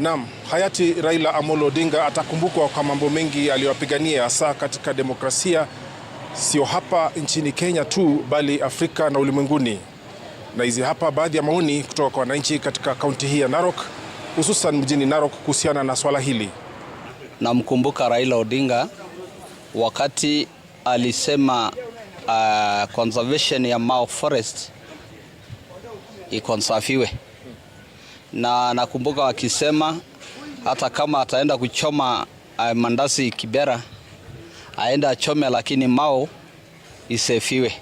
Naam, hayati Raila Amolo Odinga atakumbukwa kwa mambo mengi aliyopigania hasa katika demokrasia, sio hapa nchini Kenya tu bali Afrika na ulimwenguni. Na hizi hapa baadhi ya maoni kutoka kwa wananchi katika kaunti hii ya Narok, hususan mjini Narok kuhusiana na swala hili. Namkumbuka Raila Odinga wakati alisema uh, conservation ya Mau Forest ikonsafiwe na nakumbuka wakisema hata kama ataenda kuchoma uh, mandasi Kibera aenda achome, lakini Mao isefiwe.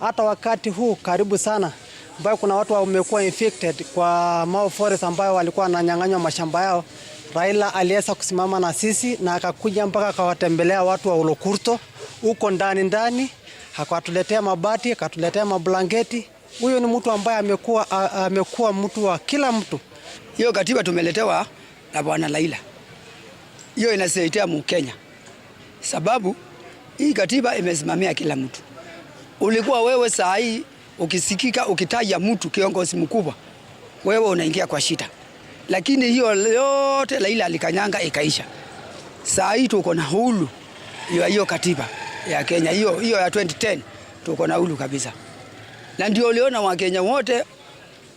Hata wakati huu karibu sana ambayo kuna watu wamekuwa infected kwa mao Forest ambayo walikuwa wananyang'anywa mashamba yao, Raila aliweza kusimama na sisi na akakuja mpaka akawatembelea watu wa Ulokurto huko ndani ndani, akawatuletea mabati akatuletea mablanketi huyo ni mtu ambaye amekuwa amekuwa mtu wa kila mtu. Hiyo katiba tumeletewa na bwana Laila, hiyo inasaidia Mkenya sababu hii katiba imesimamia kila mtu. Ulikuwa wewe saa hii ukisikika ukitaja mtu kiongozi mkubwa, wewe unaingia kwa shida, lakini hiyo yote Laila alikanyanga ikaisha. Saa hii tuko na hulu ya hiyo katiba ya Kenya hiyo hiyo ya 2010 tuko na hulu kabisa na ndio uliona Wakenya wote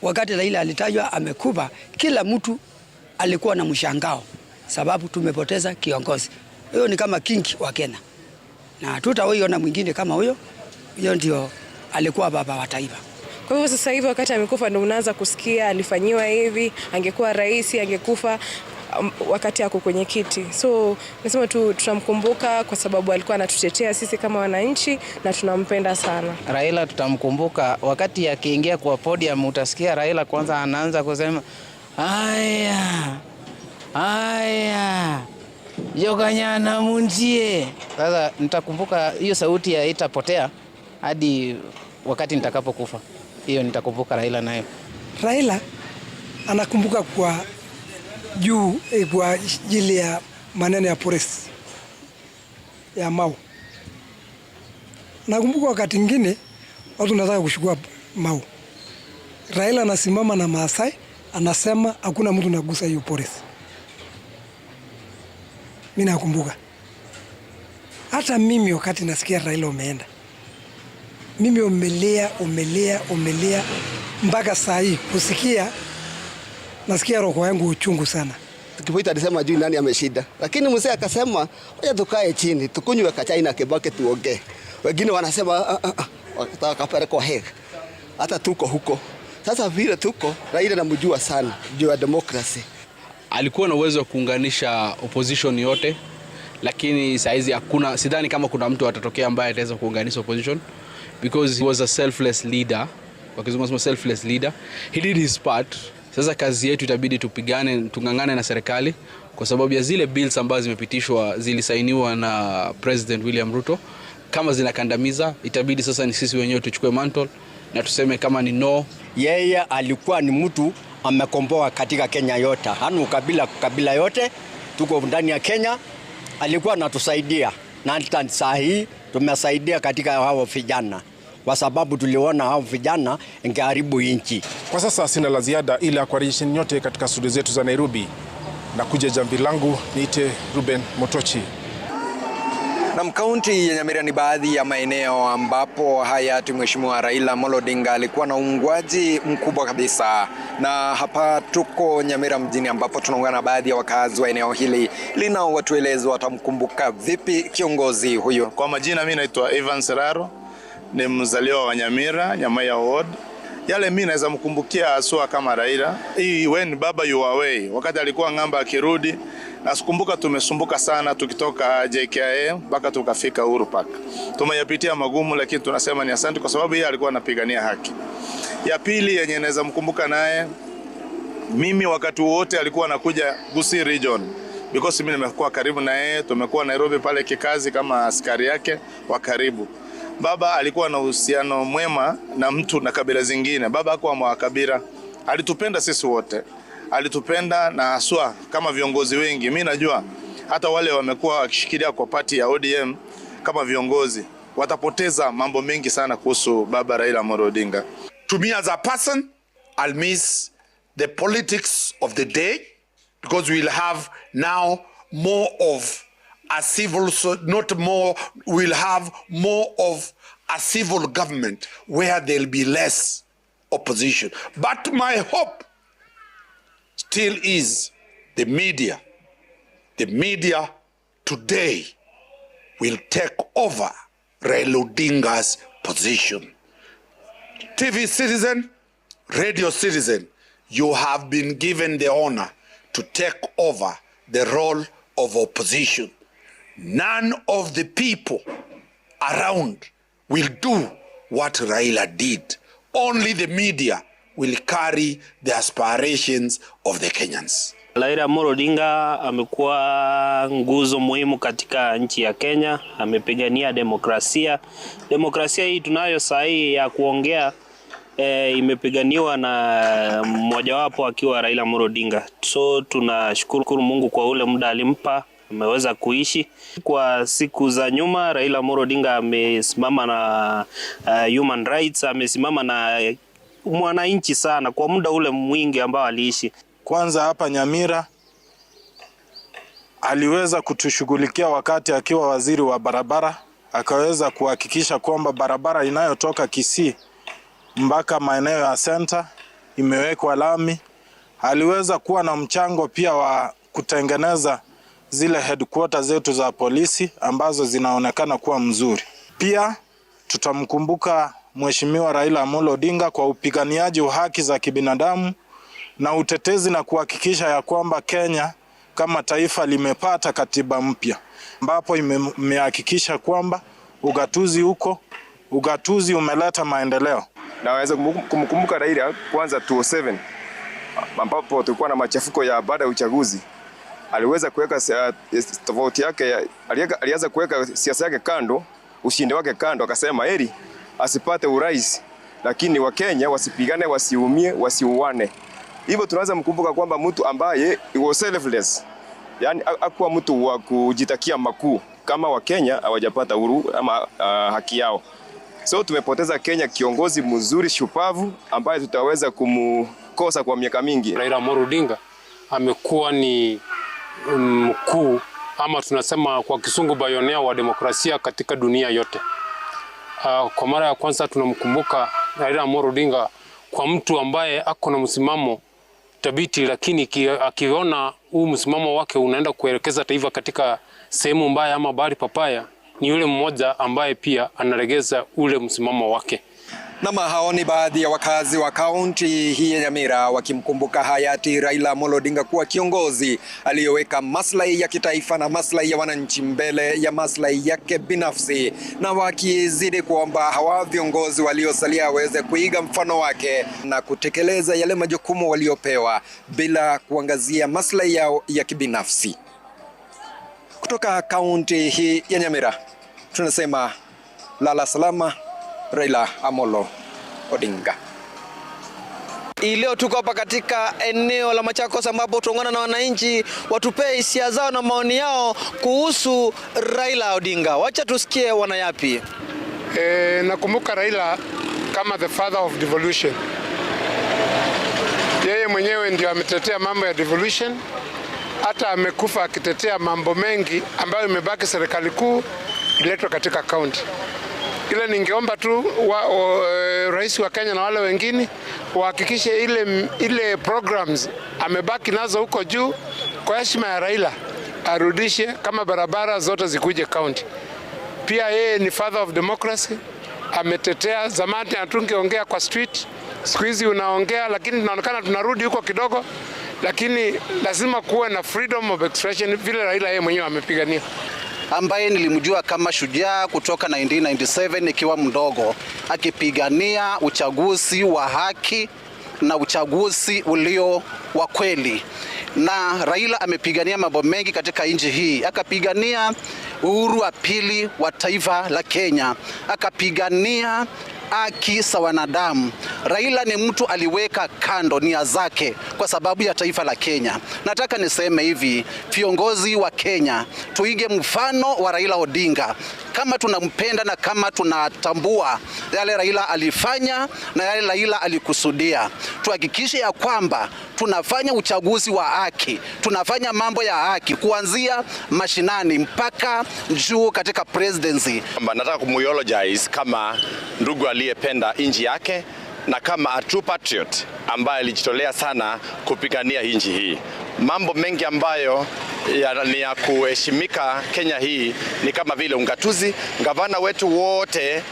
wakati Raila alitajwa amekufa, kila mtu alikuwa na mshangao, sababu tumepoteza kiongozi. Huyo ni kama kingi wa Kenya na tutawaiona mwingine kama huyo. Hiyo ndio alikuwa baba wa taifa. Kwa hivyo sasa hivi wakati amekufa, ndo unaanza kusikia alifanyiwa hivi, angekuwa rais, angekufa Um, wakati ako kwenye kiti. So nasema tu tutamkumbuka kwa sababu alikuwa anatutetea sisi kama wananchi na tunampenda sana. Raila tutamkumbuka wakati akiingia kwa podium, utasikia Raila kwanza anaanza kusema aya aya yokanyana munjie. Sasa nitakumbuka hiyo sauti ya itapotea hadi wakati nitakapokufa. Hiyo nitakumbuka Raila nayo. Raila anakumbuka kwa juu eh, kwa ajili ya maneno ya polisi ya mau. Nakumbuka wakati mwingine watu nataka kushukua mau, Raila anasimama na Maasai anasema hakuna mtu nagusa hiyo polisi. Mimi nakumbuka hata mimi wakati nasikia Raila umeenda, mimi umelea umelea umelea mpaka saa hii kusikia nasikia roho yangu uchungu sana. Kibuita alisema juu nani ameshida, lakini mzee akasema waje tukae chini tukunywe kachai na kibaki tuongee. Wengine wanasema ah, ah, ah, wakataka kapelekwa Hague, hata tuko huko sasa. Vile tuko Raila namjua sana juu ya demokrasi, alikuwa na uwezo wa kuunganisha opposition yote, lakini saizi hakuna, sidhani kama kuna mtu atatokea ambaye ataweza kuunganisha opposition because he was a selfless leader, wakizungumza selfless leader, he did his part sasa kazi yetu itabidi tupigane, tung'ang'ane na serikali kwa sababu ya zile bills ambazo zimepitishwa zilisainiwa na President William Ruto. Kama zinakandamiza, itabidi sasa ni sisi wenyewe tuchukue mantle na tuseme kama ni no. Yeye alikuwa ni mtu amekomboa katika Kenya yote, hana ukabila, kabila yote tuko ndani ya Kenya, alikuwa anatusaidia na hata saa hii tumesaidia katika hao vijana kwa sababu tuliona hao vijana ingeharibu nchi. Kwa sasa sina la ziada, ila kukaribisheni nyote katika studio zetu za Nairobi na kuja jambi langu niite Ruben Motochi. Nam kaunti ya Nyamira ni baadhi ya maeneo ambapo hayati Mheshimiwa Raila Amolo Odinga alikuwa na uungwaji mkubwa kabisa, na hapa tuko Nyamira mjini ambapo tunaungana na baadhi ya wakazi wa eneo hili linao watueleza watamkumbuka vipi kiongozi huyo. Kwa majina, mimi naitwa Evan Seraro, ni mzaliwa wa Nyamira, Nyamaya Ward. Yale mimi naweza mkumbukia haswa kama Raila, hii when baba you away, wakati alikuwa ng'amba akirudi, nasikumbuka tumesumbuka sana tukitoka JKIA mpaka tukafika Uhuru Park. Tumeyapitia magumu, lakini tunasema ni asante kwa sababu yeye alikuwa anapigania haki. Ya pili yenye naweza mkumbuka naye mimi wakati wote alikuwa anakuja Gusii region because mimi nimekuwa karibu na yeye, tumekuwa Nairobi pale kikazi kama askari yake wa karibu baba alikuwa na uhusiano mwema na mtu na kabila zingine. Baba hakuwa mwa kabila, alitupenda sisi wote, alitupenda na haswa kama viongozi wengi. Mi najua hata wale wamekuwa wakishikilia kwa pati ya ODM kama viongozi watapoteza mambo mengi sana kuhusu baba Raila Amolo Odinga. To me as a person, I'll miss the politics of the day because we'll have now more of a civil, not more, will have more of a civil government where there'll be less opposition. But my hope still is the media. The media today will take over Raila Odinga's position. TV citizen, radio citizen, you have been given the honor to take over the role of opposition. none of the people around will do what Raila did. Only the media will carry the aspirations of the Kenyans. Raila Amolo Odinga amekuwa nguzo muhimu katika nchi ya Kenya, amepigania demokrasia. Demokrasia hii tunayo saa hii ya kuongea e, imepiganiwa na mmojawapo akiwa Raila Amolo Odinga. So tunashukuru Mungu kwa ule muda alimpa umeweza kuishi. Kwa siku za nyuma, Raila Amolo Odinga amesimama na uh, human rights, amesimama na mwananchi sana kwa muda ule mwingi ambao aliishi. Kwanza hapa Nyamira aliweza kutushughulikia wakati akiwa waziri wa barabara, akaweza kuhakikisha kwamba barabara inayotoka Kisii mpaka maeneo ya senta imewekwa lami. Aliweza kuwa na mchango pia wa kutengeneza zile headquarters zetu za polisi ambazo zinaonekana kuwa mzuri. Pia tutamkumbuka Mheshimiwa Raila Amolo Odinga kwa upiganiaji wa haki za kibinadamu na utetezi na kuhakikisha ya kwamba Kenya kama taifa limepata katiba mpya ambapo imehakikisha kwamba ugatuzi huko ugatuzi umeleta maendeleo. Naweza kumkumbuka Raila kwanza 2007 ambapo tulikuwa na machafuko ya baada ya uchaguzi aliweza kuweka ah, tofauti yake, alianza kuweka siasa yake kando, ushindi wake kando, akasema heri asipate urais, lakini Wakenya wasipigane, wasiumie, wasiuane. Hivyo tunaweza mkumbuka kwamba mtu ambaye was selfless, yani akuwa mtu wa kujitakia makuu kama Wakenya hawajapata uhuru ama uh, haki yao. So tumepoteza Kenya kiongozi mzuri shupavu ambaye tutaweza kumkosa kwa miaka mingi. Raila Amolo Odinga amekuwa ni mkuu ama tunasema kwa kisungu bayonea wa demokrasia katika dunia yote. Uh, kwa mara ya kwanza tunamkumbuka Raila Amolo Odinga kwa mtu ambaye ako na msimamo thabiti, lakini akiona huu msimamo wake unaenda kuelekeza taifa katika sehemu mbaya ama bahari papaya, ni yule mmoja ambaye pia analegeza ule msimamo wake nama hao ni baadhi ya wakazi wa kaunti hii ya Nyamira wakimkumbuka hayati Raila Amolo Odinga kuwa kiongozi aliyoweka maslahi ya kitaifa na maslahi ya wananchi mbele ya maslahi yake binafsi, na wakizidi kuomba hawa viongozi waliosalia waweze kuiga mfano wake na kutekeleza yale majukumu waliopewa bila kuangazia maslahi yao ya kibinafsi. Kutoka kaunti hii ya Nyamira tunasema lala salama. Raila Amolo Odinga. Hii leo tuko hapa katika eneo la Machakos ambapo tuongana na wananchi watupee hisia zao na maoni yao kuhusu Raila Odinga. Wacha tusikie wanayapi. E, nakumbuka Raila kama the father of devolution. Yeye mwenyewe ndio ametetea mambo ya devolution, hata amekufa akitetea mambo mengi ambayo imebaki serikali kuu iletwe katika kaunti. Ile ningeomba tu wa, o, e, rais wa Kenya na wale wengine wahakikishe ile, ile programs amebaki nazo huko juu kwa heshima ya Raila arudishe, kama barabara zote zikuje kaunti. Pia yeye ni father of democracy, ametetea zamani. Hatungeongea kwa street, siku hizi unaongea, lakini tunaonekana tunarudi huko kidogo, lakini lazima kuwe na freedom of expression vile Raila yeye mwenyewe amepigania ambaye nilimjua kama shujaa kutoka 1997 nikiwa mdogo, akipigania uchaguzi wa haki na uchaguzi ulio wa kweli. Na Raila amepigania mambo mengi katika nchi hii, akapigania uhuru wa pili wa taifa la Kenya, akapigania haki za wanadamu. Raila ni mtu aliweka kando nia zake kwa sababu ya taifa la Kenya. Nataka niseme hivi, viongozi wa Kenya tuige mfano wa Raila Odinga kama tunampenda na kama tunatambua yale Raila alifanya na yale Raila alikusudia, tuhakikishe ya kwamba tunafanya uchaguzi wa haki, tunafanya mambo ya haki kuanzia mashinani mpaka juu katika presidency. Nataka kumuyologize kama ndugu aliyependa nchi yake na kama a true patriot ambaye alijitolea sana kupigania nchi hii mambo mengi ambayo ya, ni ya kuheshimika Kenya hii ni kama vile ungatuzi, gavana wetu wote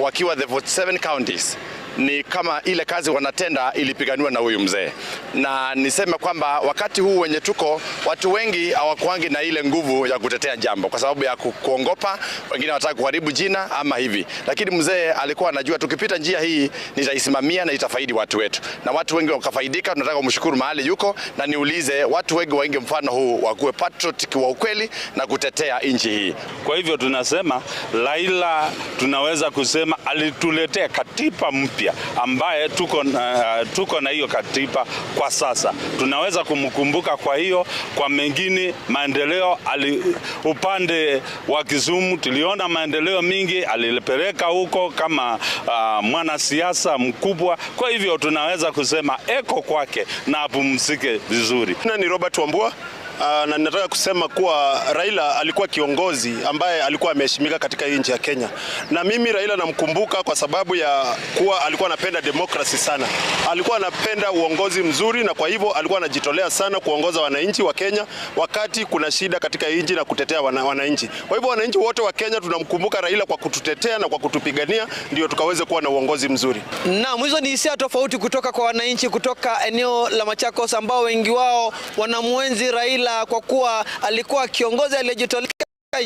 wakiwa the 47 counties ni kama ile kazi wanatenda ilipiganiwa na huyu mzee, na niseme kwamba wakati huu wenye tuko watu wengi hawakuangi na ile nguvu ya kutetea jambo kwa sababu ya kuongopa, wengine wanataka kuharibu jina ama hivi, lakini mzee alikuwa anajua tukipita njia hii nitaisimamia na itafaidi watu wetu, na watu wengi wakafaidika. Tunataka kumshukuru mahali yuko, na niulize watu wengi waingi mfano huu, wakuwe patriotic wa ukweli na kutetea nchi hii. Kwa hivyo tunasema Laila, tunaweza kusema alituletea katiba mpya sheria ambaye tuko na, uh, tuko na hiyo katiba kwa sasa, tunaweza kumkumbuka. Kwa hiyo kwa mengine maendeleo ali, upande wa Kisumu tuliona maendeleo mingi alipeleka huko kama uh, mwanasiasa mkubwa. Kwa hivyo tunaweza kusema eko kwake na apumzike vizuri. Na ni Robert Wambua. Uh, na ninataka kusema kuwa Raila alikuwa kiongozi ambaye alikuwa ameheshimika katika hii nchi ya Kenya, na mimi Raila namkumbuka kwa sababu ya kuwa alikuwa anapenda demokrasi sana, alikuwa anapenda uongozi mzuri, na kwa hivyo alikuwa anajitolea sana kuongoza wananchi wa Kenya wakati kuna shida katika hii nchi na kutetea wananchi. Kwa hivyo wananchi wote wa Kenya tunamkumbuka Raila kwa kututetea na kwa kutupigania, ndio tukaweze kuwa na uongozi mzuri. Naam, hizo ni hisia tofauti kutoka kwa wananchi kutoka eneo la Machakos ambao wengi wao wanamwenzi Raila Mandela kwa kuwa alikuwa kiongozi aliyejitolea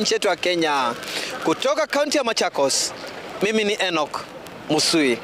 nchi yetu ya Kenya. Kutoka kaunti ya Machakos, mimi ni Enoch Musui.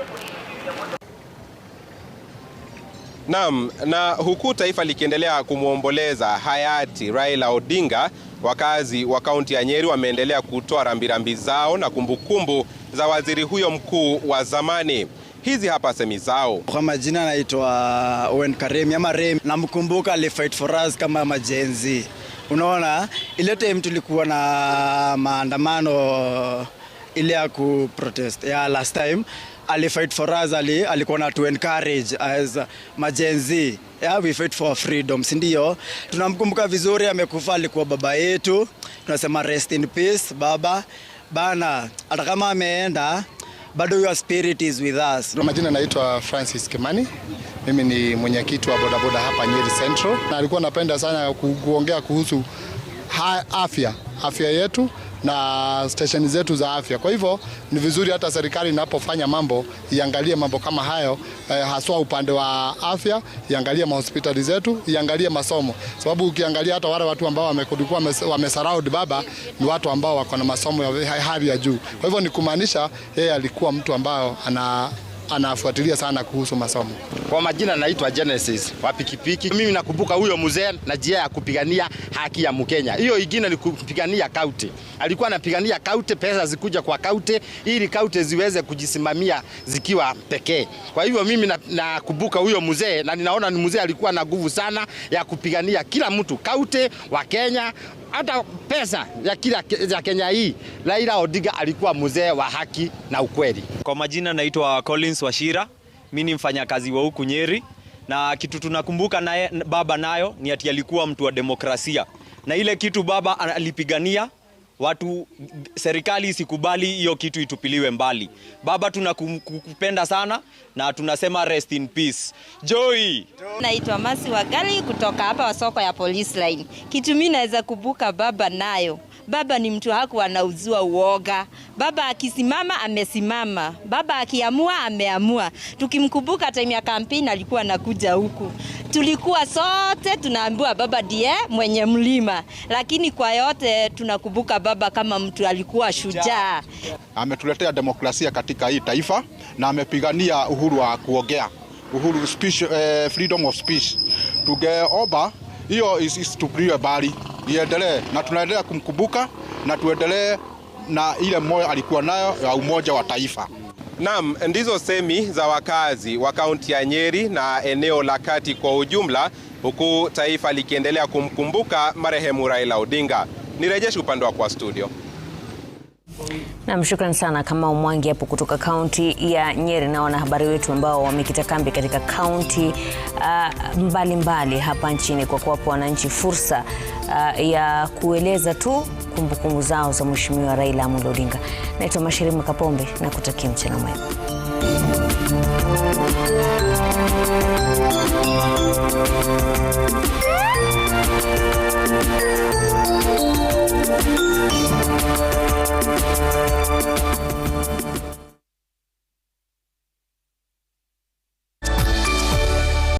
Naam, na huku taifa likiendelea kumwomboleza hayati Raila Odinga, wakazi wa kaunti ya Nyeri wameendelea kutoa rambirambi zao na kumbukumbu za waziri huyo mkuu wa zamani. Hizi hapa semi zao. Kwa majina anaitwa Owen Karemi ama Remi, namkumbuka fight for us kama majenzi. Unaona ile time tulikuwa na maandamano ile ya ku protest ya last time ali fight for us, ali alikuwa na to encourage as majenzi yeah, we fight for freedom, si ndio? Tunamkumbuka vizuri, amekufa, alikuwa baba yetu, tunasema rest in peace baba bana, hata kama ameenda bado your spirit is with us. Majina naitwa Francis Kimani, mimi ni mwenyekiti wa bodaboda hapa Nyeri Central, na alikuwa napenda sana kuongea kuhusu afya afya yetu na stesheni zetu za afya. Kwa hivyo ni vizuri hata serikali inapofanya mambo iangalie mambo kama hayo eh, haswa upande wa afya, iangalie mahospitali zetu, iangalie masomo, sababu ukiangalia hata wale watu ambao wamekulikuwa wamesaraud baba ni watu ambao wako na masomo ya hali ya juu. Kwa hivyo ni kumaanisha yeye alikuwa mtu ambao ana anafuatilia sana kuhusu masomo. Kwa majina naitwa Genesis wa pikipiki. Mimi nakumbuka huyo mzee na jia ya kupigania haki ya Mkenya. Hiyo ingine ni kupigania kaunti. Alikuwa anapigania kaunti, pesa zikuja kwa kaunti ili kaunti ziweze kujisimamia zikiwa pekee. Kwa hivyo mimi nakumbuka na huyo mzee na ninaona ni mzee alikuwa na nguvu sana ya kupigania kila mtu kaunti wa Kenya hata pesa ya kila ya Kenya hii. Raila Odinga alikuwa mzee wa haki na ukweli. Kwa majina naitwa Collins Lawrence Washira, mimi ni mfanyakazi wa huku Nyeri, na kitu tunakumbuka naye baba nayo ni ati alikuwa mtu wa demokrasia, na ile kitu baba alipigania watu, serikali isikubali hiyo kitu itupiliwe mbali. Baba tunakupenda sana na tunasema rest in peace. Joy. Naitwa Masi Wagali kutoka hapa wa soko ya Police Line. Kitu mimi naweza kubuka baba nayo Baba ni mtu haku anauzua uoga. Baba akisimama amesimama, baba akiamua ameamua. Tukimkumbuka time ya kampeni alikuwa anakuja huku, tulikuwa sote tunaambiwa baba ndiye mwenye mlima, lakini kwa yote tunakumbuka baba kama mtu alikuwa shujaa. Ametuletea demokrasia katika hii taifa na amepigania uhuru wa kuogea uhuru speech, eh, freedom of speech. Tungeomba hiyo is, is to bring a bali iendelee, na tunaendelea kumkumbuka na tuendelee na ile moyo alikuwa nayo ya umoja wa taifa. Naam, ndizo semi za wakazi wa kaunti ya Nyeri na eneo la kati kwa ujumla, huku taifa likiendelea kumkumbuka marehemu Raila Odinga. Nirejeshe upande wa wa studio. Nam, shukran sana kama Mwangi hapo kutoka kaunti ya Nyeri na wanahabari wetu ambao wamekita kambi katika kaunti uh, mbalimbali hapa nchini kwa kuwapa wananchi fursa uh, ya kueleza tu kumbukumbu zao za Mheshimiwa Raila Amolo Odinga. Naitwa Mashirima Kapombe na kutakia mchana mwema.